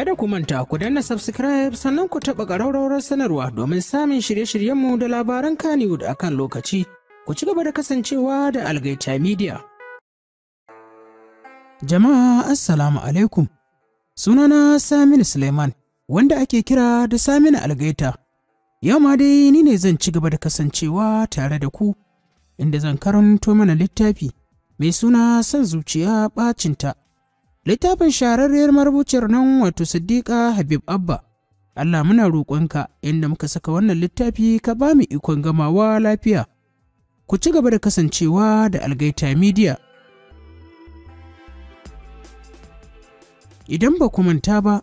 Kada ku manta ku danna subscribe sannan ku taɓa ƙararrawar sanarwa domin samun shirye-shiryenmu da labaran Kannywood a kan lokaci. Ku ci gaba da kasancewa da Algaita Media. Jama'a Assalamu alaikum. Sunana Saminu Suleiman wanda ake kira da Saminu Algaita. Yau ma dai ni ne zan ci gaba da kasancewa tare da ku inda zan karanto mana littafi mai suna son zuciya ɓacinta littafin shahararriyar marubuciyar nan wato siddiƙa habib abba allah muna roƙonka inda muka saka wannan littafi ka ba mu ikon gamawa lafiya ku ci gaba da kasancewa da algaita media idan ba ku manta ba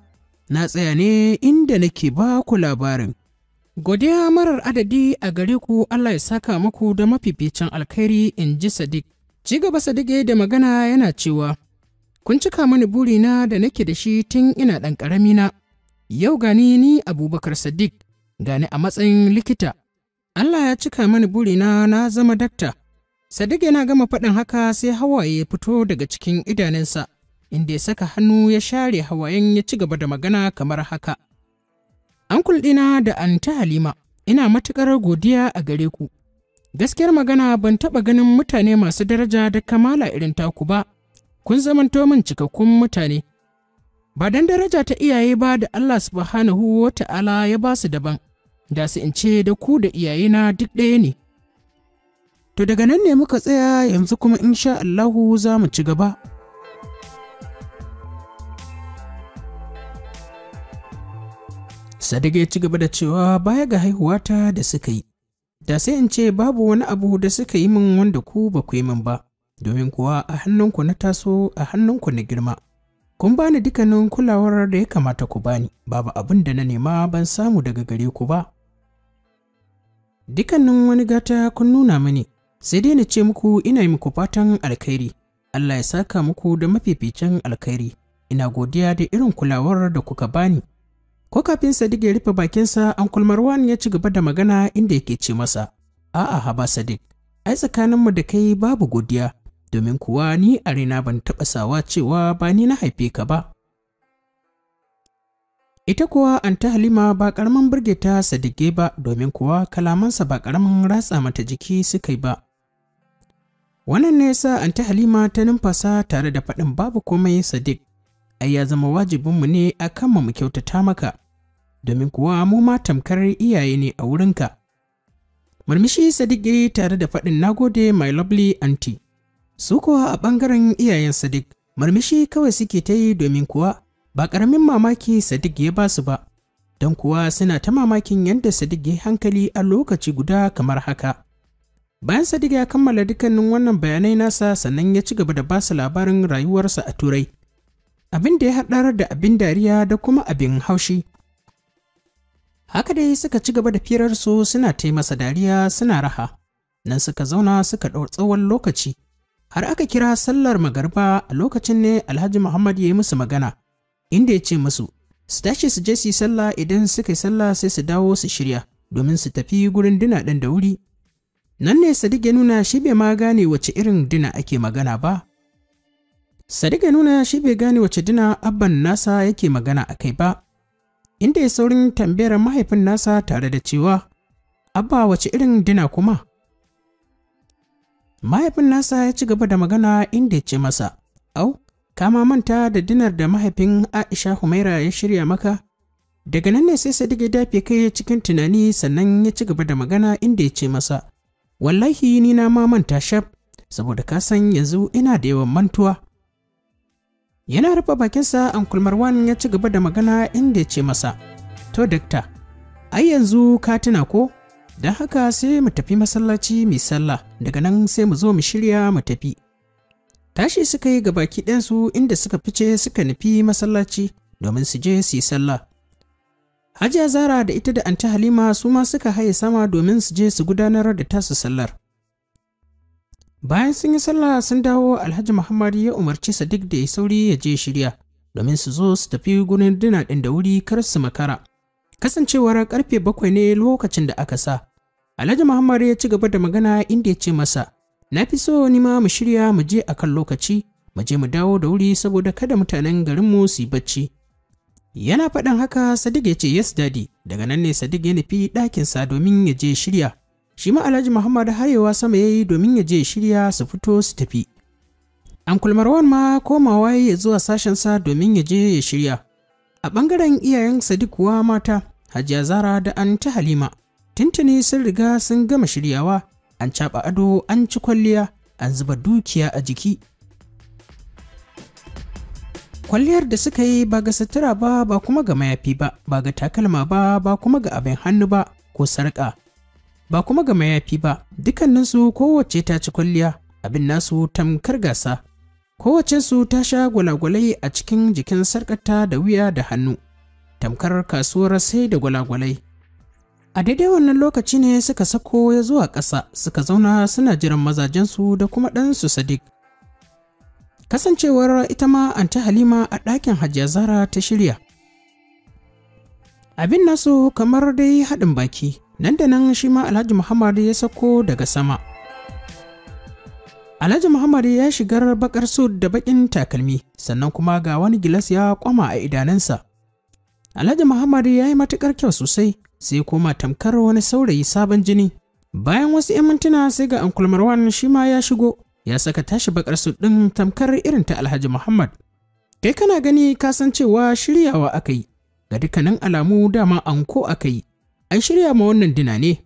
na tsaya ne inda nake ba ku labarin godiya marar adadi a gare ku allah ya saka muku da mafificin alkhairi in ji sadiq ci gaba sadiq da magana yana cewa kun cika mani burina da nake da shi tun ina ɗan ƙaramina. yau gani ni abubakar sadiq gani a matsayin likita allah ya cika mani burina na zama dakta sadiq yana gama faɗin haka sai hawaye ya fito daga cikin idanunsa inda ya saka hannu ya share hawayen ya ci gaba da magana kamar haka An kulɗina da anta halima ina matuƙar godiya a gare ku gaskiyar magana ban taɓa ganin mutane masu daraja da kamala irin taku ba kun zamanto min cikakkun mutane ba don daraja ta iyaye ba da Allah subhanahu wa ta'ala ya ba su daban da su in ce da ku da iyayena duk ɗaya ne to daga nan ne muka tsaya yanzu kuma in sha Allahu za mu ci gaba Sadiga ya ci gaba da cewa baya ga haihuwata da suka yi, da sai in ce babu wani abu da suka yi min wanda ku ba ku yi min ba, domin kuwa a hannunku na taso a hannunku na girma. Kun bani dukkanin kulawar da ya kamata ku bani, babu abin da na nema ban samu daga gare ku ba. Dukkanin wani gata kun nuna mini, sai dai na ce muku ina yi muku fatan alkhairi. Allah ya saka muku da mafificin alkhairi. Ina godiya da irin kulawar da kuka bani. Ko kafin Sadiq ya rufe bakinsa, an kulmarwan ya ci gaba da magana inda yake ce masa, A'a haba Sadiq, ai tsakaninmu da kai babu godiya, domin kuwa ni a raina ban taɓa sawa cewa ba ni na haife ka ba. Ita kuwa an ta Halima ba ƙaramin burge ta Sadige ba domin kuwa kalamansa ba ƙaramin ratsa mata jiki suka yi ba. Wannan ne yasa an ta Halima ta numfasa tare da faɗin babu komai Sadiq, ai ya zama wajibinmu ne a kanmu mu kyautata maka, domin kuwa mu ma tamkar iyaye ne a wurinka. Murmushi Sadiq tare da faɗin nagode my lovely auntie. Su kuwa a ɓangaren iyayen Sadiq, marmishi kawai suke ta yi domin kuwa ba ƙaramin mamaki Sadiq ya ba su ba, don kuwa suna ta mamakin yadda Sadiq ya hankali a lokaci guda kamar haka. Bayan Sadiq ya kammala dukkanin wannan bayanai nasa sannan ya ci gaba da ba su labarin rayuwarsa a Turai. Abin da ya haɗar da abin dariya da kuma abin haushi. Haka dai suka ci gaba da firarsu suna taimasa dariya suna raha, nan suka zauna suka ɗau tsawon lokaci. har aka kira sallar magarba a lokacin ne alhaji muhammad ya yi musu magana inda ya ce musu su tashi su je su yi sallah idan suka yi sallah sai su dawo su shirya domin su tafi gurin dina ɗin da wuri nan ne sadiq ya nuna shi bai ma gane wace irin dina ake magana ba sadiq ya nuna shi bai gane wace dina abban nasa yake magana a kai ba inda ya saurin tambayar mahaifin nasa tare da cewa abba wace irin dina kuma mahaifin nasa ya ci gaba da magana inda ya ce masa au kama manta da dinar da mahaifin aisha humaira ya shirya maka daga nan ne sai sadiq ya dafe kai cikin tunani sannan ya ci gaba da magana inda ya ce masa wallahi ni na ma manta shaf saboda ka san yanzu ina da yawan mantuwa yana rufe bakinsa uncle marwan ya ci gaba da magana inda ya ce masa to dakta ai yanzu ka tuna ko don haka sai mu tafi masallaci mai sallah daga nan sai mu zo mu shirya mu tafi tashi suka yi gabaki ɗansu inda suka fice suka nufi masallaci domin su je su yi sallah hajiya zara da ita da anta halima su ma suka haye sama domin su je su gudanar da tasu sallar bayan sun yi sallah sun dawo alhaji muhammad ya umarci sadiq da ya sauri ya je shirya domin su zo su tafi gurin dina ɗin da wuri kar su makara kasancewar karfe bakwai ne lokacin da aka sa alhaji muhammad ya ci gaba da magana inda ya ce masa na fi so ni ma mu shirya mu je a kan lokaci mu je mu dawo da wuri saboda kada mutanen garinmu su yi bacci yana faɗin haka sadiq ya ce yes daddy daga nan ne sadiq ya nufi sa domin ya je shirya shi ma alhaji muhammad hayewa sama ya yi domin ya je shirya su fito su tafi An Marwan ma komawa ya zuwa sashensa domin ya je ya shirya a ɓangaren iyayen sadikuwa kuwa mata hajiya zara da ta halima tuntuni sun riga sun gama shiryawa an caɓa ado an ci kwalliya an zuba dukiya a jiki kwalliyar da suka yi ba ga sutura ba ba kuma ga mayafi ba ba ga takalma ba ba kuma ga abin hannu ba ko sarƙa ba kuma ga mayafi ba dukkaninsu kowace ta ci kwalliya abin nasu tamkar gasa su ta sha gwalagwalai a cikin jikin sarƙata da wuya da hannu, tamkar kasuwar sai da gwalagwalai. A daidai wannan lokaci ne suka sako ya zuwa ƙasa suka zauna suna jiran mazajensu da kuma ɗansu Sadiq. Kasancewar ita ma an ta Halima a ɗakin Hajiya Zara ta shirya. Abin nasu kamar dai haɗin baki, nan da nan shi ma Alhaji Muhammad ya sako daga sama. Alhaji Muhammad ya shigar bakar su da bakin takalmi sannan kuma ga wani gilas ya kwama a idanunsa. Alhaji Muhammad ya yi matuƙar kyau sosai sai koma tamkar wani saurayi sabon jini. Bayan wasu 'yan mintuna sai ga Uncle Marwan shi ma ya shigo ya saka tashi bakar su ɗin tamkar irin ta Alhaji Muhammad. Kai kana gani ka san cewa shiryawa aka yi, ga dukkanin alamu dama anko aka yi, an shirya ma wannan dina ne.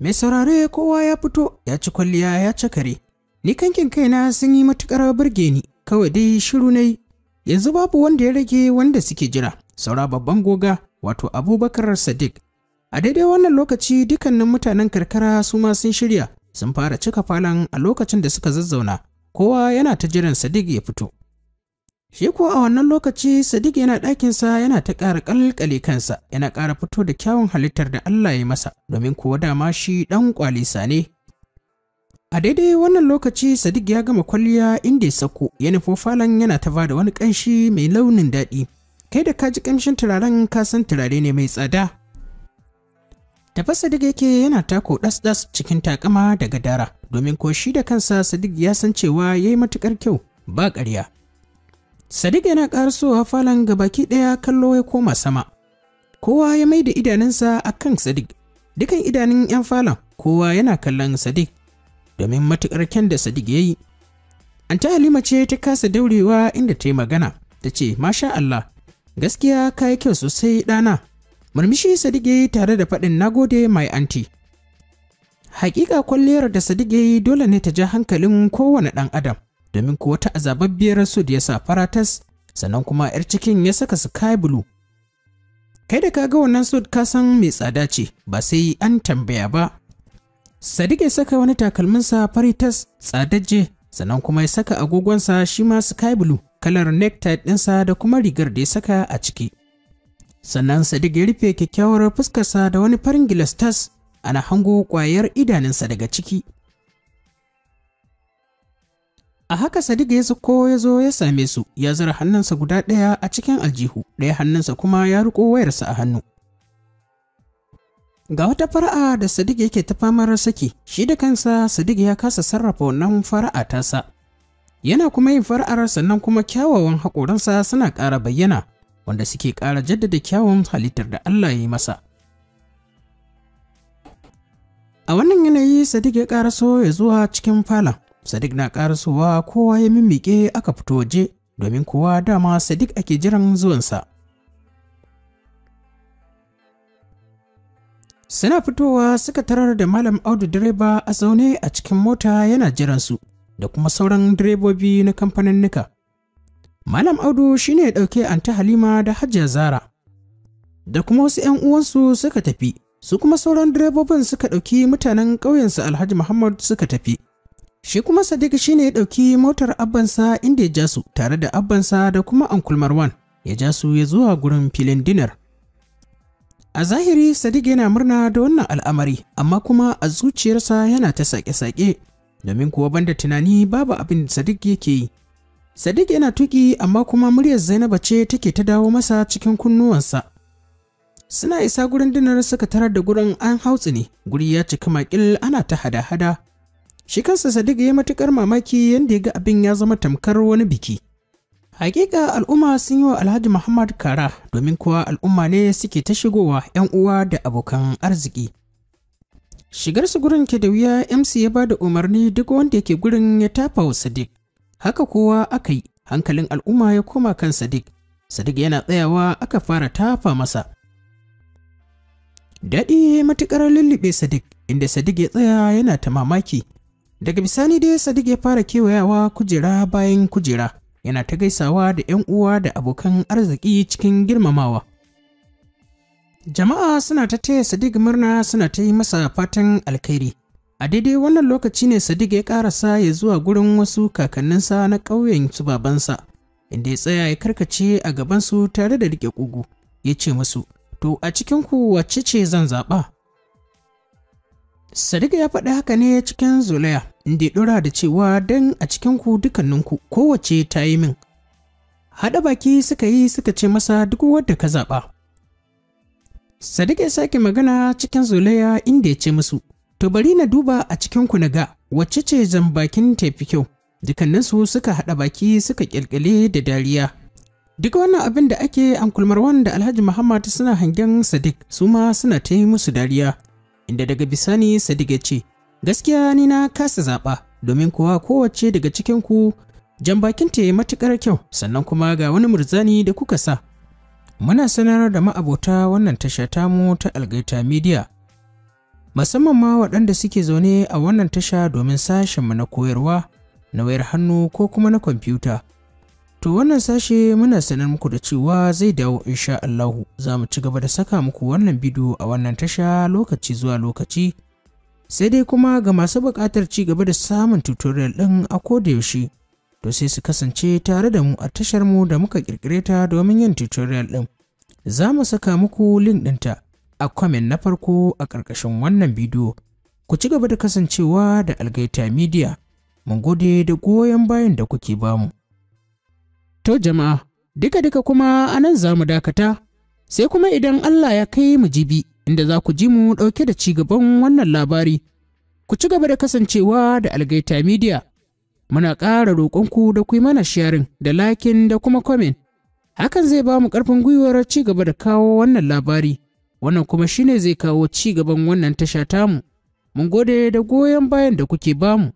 Mai saurare kowa ya fito ya ci kwalliya ya ci kare. Ni kankin kaina sun yi matukar burge ni, kawai dai shiru na yi. Yanzu babu wanda ya rage wanda suke jira, saura babban goga wato Abubakar Sadiq. A daidai wannan lokaci dukkanin mutanen karkara su ma sun shirya, sun fara cika falon a lokacin da suka zazzauna. Kowa yana ta jiran Sadiq ya fito. Shi ko a wannan lokaci Sadiq yana ɗakinsa yana ta ƙara ƙalƙale kansa yana ƙara fito da kyawun halittar da Allah ya masa domin kuwa dama shi ɗan ƙwalisa ne. A daidai wannan lokaci Sadiq ya gama kwalliya inda ya sako ya nufo falon yana ta bada wani ƙanshi mai launin daɗi. Kai da ka ji ƙamshin turaren ka san turare ne mai tsada. Tafa Sadiq yake yana tako ɗas-ɗas cikin takama daga dara, domin ko shi da kansa Sadiq ya san cewa ya yi matuƙar kyau ba ƙarya. Sadiq yana ƙarasowa falon ga baki ɗaya kallo ya koma sama. Kowa ya mai da idanunsa a kan Sadiq. Dukan idanun 'yan falon kowa yana kallon Sadiq domin matuƙar kyan da Sadiq ya yi. Anta Halima ce ta kasa daurewa inda ta yi magana ta ce, Masha Allah, gaskiya ka yi kyau sosai ɗana. Murmushi Sadiq ya yi tare da faɗin nagode mai anti. Hakika kwalliyar da Sadiq ya yi dole ne ta ja hankalin kowane ɗan adam. domin kuwa ta azababbiyar sud ya sa faratas sannan kuma 'yar cikin ya saka sky blue kai da kaga wannan sud ka san mai tsada ce ba sai an tambaya ba sadiq ya saka wani takalminsa faritas tsadaje sannan kuma ya saka agogonsa shi ma sky blue kalar necktie ɗinsa da kuma rigar da ya saka a ciki sannan sadiq ya rufe kyakkyawar fuskarsa da wani farin gilastas, ana hango ƙwayar idanunsa daga ciki A haka Sadiq ya ko ya zo ya same su, ya zura hannunsa guda ɗaya a cikin aljihu, ɗaya hannunsa kuma ya riko wayarsa a hannu. Ga wata fara'a da Sadiq yake ta famar saki, shi da kansa Sadiq ya kasa sarrafa wannan fara'a tasa. Yana kuma yin fara'ar sannan kuma kyawawan haƙoransa suna ƙara bayyana, wanda suke ƙara jaddada kyawun halittar da Allah ya yi masa. A wannan yanayi Sadiq ya ƙara so ya zuwa cikin falon, Sadiq na karasuwa kowa ya mimmiƙe aka fito waje domin kowa dama Sadiq ake jiran zuwan sa. Suna fitowa suka tarar da Malam Audu direba a zaune a cikin mota yana jiransu da kuma sauran direbobi na kamfanin nika. Malam Audu shine ne ɗauke Anta Halima da Hajiya Zara. Da kuma wasu ‘yan uwansu suka tafi, su kuma sauran direbobin suka ɗauki mutanen ƙauyensu Alhaji Muhammad suka tafi. Shi kuma Sadiq shi ne ya ɗauki motar abbansa inda ya ja su tare da abbansa da kuma Uncle Marwan ya ja su ya zuwa gurin filin dinar. A zahiri Sadiq yana murna da wannan al'amari amma kuma a zuciyarsa yana ta sake-sake domin kuwa banda tunani babu abin Sadiq yake yi. Sadiq yana tuki amma kuma muryar Zainaba ce take ta dawo masa cikin kunnuwansa. Suna isa gurin dinar suka tarar da gurin an hautsi ne, guri ya cika makil ana ta hada-hada. Shi kansa Sadiq ya matukar mamaki yadda ya ga abin ya zama tamkar wani biki. Hakika al'umma sun yi wa Alhaji Muhammad kara domin kuwa al'umma ne suke ta shigowa 'yan uwa da abokan arziki. Shigar su gurin ke da wuya MC ya ba da umarni duk wanda yake gurin ya tafa wa Sadiq. Haka kowa aka yi, hankalin al'umma ya koma kan Sadiq. Sadiq yana tsayawa aka fara tafa masa. Daɗi matuƙar lulluɓe Sadiq, inda Sadiq ya tsaya yana ta mamaki. daga bisani dai sadiq ya fara kewayawa kujera bayan kujera yana ta gaisawa da 'yan uwa da abokan arziki cikin girmamawa jama'a suna ta taya sadiq murna suna ta yi masa fatan alkhairi a daidai wannan lokaci ne sadiq ya karasa ya zuwa gurin wasu kakanninsa na ƙauyen su babansa inda ya tsaya ya karkace a gabansu tare da riƙe ƙugu ya ce musu to a cikinku wacce ce zan zaɓa Sadiq ya faɗi haka ne cikin zulaya, inda ya ɗora da cewa don a cikinku dukkaninku kowace ta yi min. Haɗa baki suka yi suka ce masa duk wadda ka zaɓa. Sadiq ya sake magana cikin zulaya inda ya ce musu, To bari na duba a cikinku na ga wacce ce zan bakin tafi kyau. Dukanninsu suka haɗa baki suka ƙirƙire da dariya. Duk wannan abin da ake ankulmar wanda Alhaji Muhammad suna hangen Sadiq su ma suna ta yi musu dariya. inda daga bisani Sadiq ya ce, Gaskiya ni na kasa zaɓa domin kuwa kowace daga cikin ku jan bakinta ya matuƙar kyau sannan kuma ga wani murzani da kuka sa. Muna sanar da ma'abota wannan tasha mu ta Algaita Media. Musamman ma waɗanda suke zaune a wannan tasha domin mu na koyarwa, na wayar hannu ko kuma na kwamfuta. To wannan sashe muna sanar muku da cewa zai dawo insha Allahu za mu ci gaba da saka muku wannan bidiyo a wannan tasha lokaci zuwa lokaci. Sai dai kuma ga masu buƙatar ci gaba da samun tutorial ɗin a yaushe? to sai su kasance tare da mu a tashar mu da muka ƙirƙire ta domin yin tutorial ɗin. Za mu saka muku link ɗinta a comment na farko a ƙarƙashin wannan bidiyo. Ku ci gaba da kasancewa da Algaita Media. Mun gode da goyon bayan da kuke bamu. To jama'a, duka-duka kuma a nan za mu dakata, sai kuma idan Allah ya kai mu jibi inda za ku ji mu ɗauke da ci gaban wannan labari. Ku ci gaba da kasancewa da Algaita Media. Muna ƙara roƙonku da ku yi mana sharing da lakin da kuma comment. Hakan zai ba mu ƙarfin gwiwar ci gaba da kawo wannan labari. Wannan kuma shine zai kawo ci gaban wannan tasha tamu. Mun gode da goyon bayan da kuke bamu.